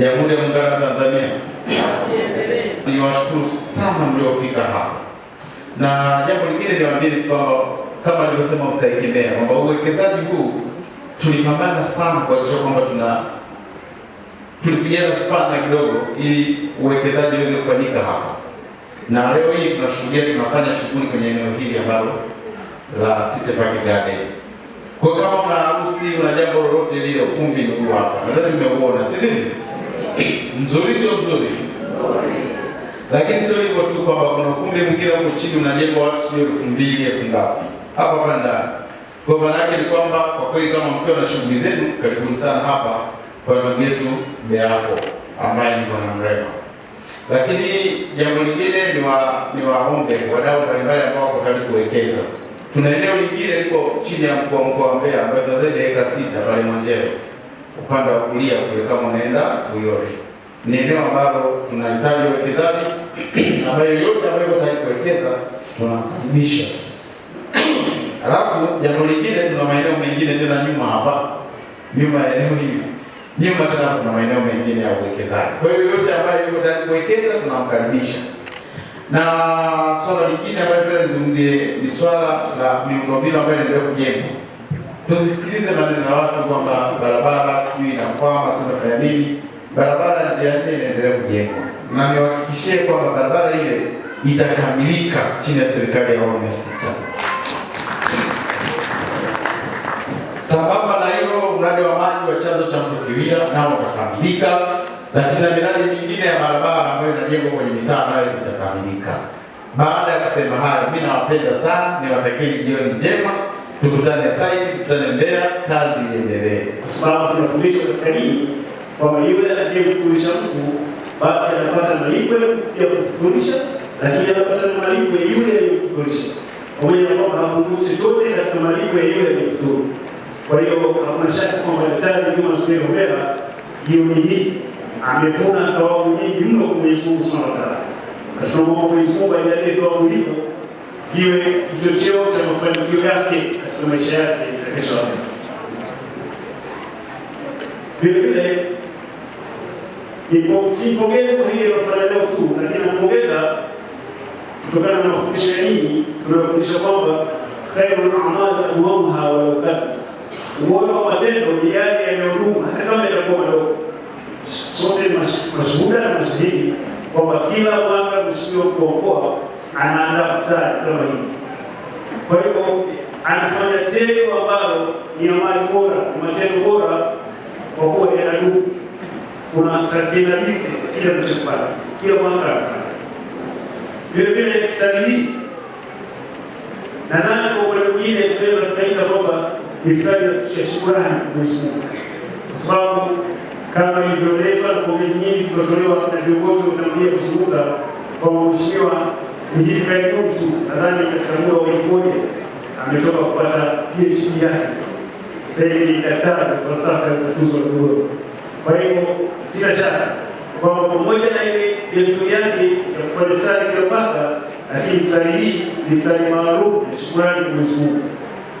Jamhuri ya Muungano wa Tanzania. Niwashukuru sana mliofika hapa, na jambo lingine niwaambie kwamba kama alivyosema mtaikemea kwamba uwekezaji huu tulipambana sana kuhakikisha kwamba tuna tulipigana spana kidogo, ili uwekezaji uweze kufanyika hapa, na leo hii tunashuhudia tunafanya shughuli kwenye eneo hili ambalo la City Park Garden. Kwa kama una harusi una jambo lolote lile, ukumbi ndio hapa, nadhani mmeuona, si ndio? mzuri sio mzuri, lakini sio hivyo tu kwamba kuna ukumbi mwingine huko chini unajengwa watu sio elfu mbili elfu ngapi hapa hapa ndani. Kwa maana yake ni kwamba kwa kweli kama mkiwa na shughuli zenu, karibuni sana hapa kwa ndugu yetu Beaco ambaye ni Bwana Mrema. Lakini jambo lingine ni wa ni waombe wadau mbalimbali ambao wako tayari kuwekeza. Tuna eneo lingine liko chini ya mkoa mkoa wa Mbeya ambayo tuna zaidi ya eka sita pale Mwanjeo upande wa kulia kule, kama unaenda Uyole, ni eneo ambalo tunahitaji uwekezaji, ambayo yote ambayo iko tayari kuwekeza tunakaribisha. Alafu jambo lingine, tuna maeneo mengine tena nyuma hapa, nyuma ya eneo hili, nyuma tena kuna maeneo mengine ya uwekezaji. Kwa hiyo yote ambayo yuko tayari kuwekeza tunamkaribisha na swala lingine ambayo tunalizungumzie ni swala la miundombinu ambayo inaendelea kujengwa tusisikilize maneno ya watu kwamba barabara sijui inakwama, tunafanya nini? Barabara njia nne inaendelea kujengwa, na niwahakikishie kwamba barabara ile itakamilika chini ya serikali ya awamu ya sita. Sambamba na hilo, mradi wa maji wa chanzo cha mto Kiwira nao utakamilika, lakini na miradi mingine ya barabara ambayo inajengwa kwenye mitaa nayo itakamilika. Baada ya kusema hayo, mimi nawapenda sana, niwatakieni jioni njema tukutane site, tukutane Mbeya, kazi iendelee, kwa sababu tunafundisha katika dini kwamba yule atakayemfundisha mtu basi anapata malipo ya kufundisha, lakini anapata malipo ya yule aliyemfundisha, pamoja na kwamba hapungusi chote katika malipo ya yule aliyemfundisha. Kwa hiyo hakuna shaka kwamba Daktari Juma Zuberi Homera jioni hii amevuna thawabu nyingi mno kwa Mwenyezi Mungu Subhanahu wa Ta'ala. Tunamwomba Mwenyezi Mungu ajalie thawabu hizo kiwe kichocheo cha mafanikio yake katika maisha yake ya kesho. Vile vile simpongeze kwa hili nafanya leo tu, lakini nampongeza kutokana na mafundisho hii tunayofundisha kwamba khairul a'mal adwamuha wa law kana, ubora wa matendo ni yale yanayodumu hata kama yatakuwa madogo. Sote mashuhuda na mashahidi kwamba kila mwaka mshikio kuokoa anaanza futari kama Kwa hivyo anafanya tendo ambalo ni amali bora, ni matendo bora kwa kuwa yanadumu, kuna sustainability kile mchofanya kila mwaka vile vile futari hii, na nani kwa kuna mwingine tunaweza tukaita roba ni futari ya shukrani Mwenyezi Mungu, kwa sababu kama ilivyoelezwa na pongezi nyingi zilizotolewa na viongozi, utangulia kuzunguka kwa mheshimiwa Mjini Nairobi tu nadhani katika muda wa wiki moja ametoka kupata PhD yake, sasa hivi ni daktari wa falsafa ya utatuzi wa migogoro. Kwa hiyo sina shaka kwamba pamoja na ile desturi yake ya kufanya iftari kila mwaka, lakini tari hii ni iftari maalum ya shukrani Mwenyezi Mungu.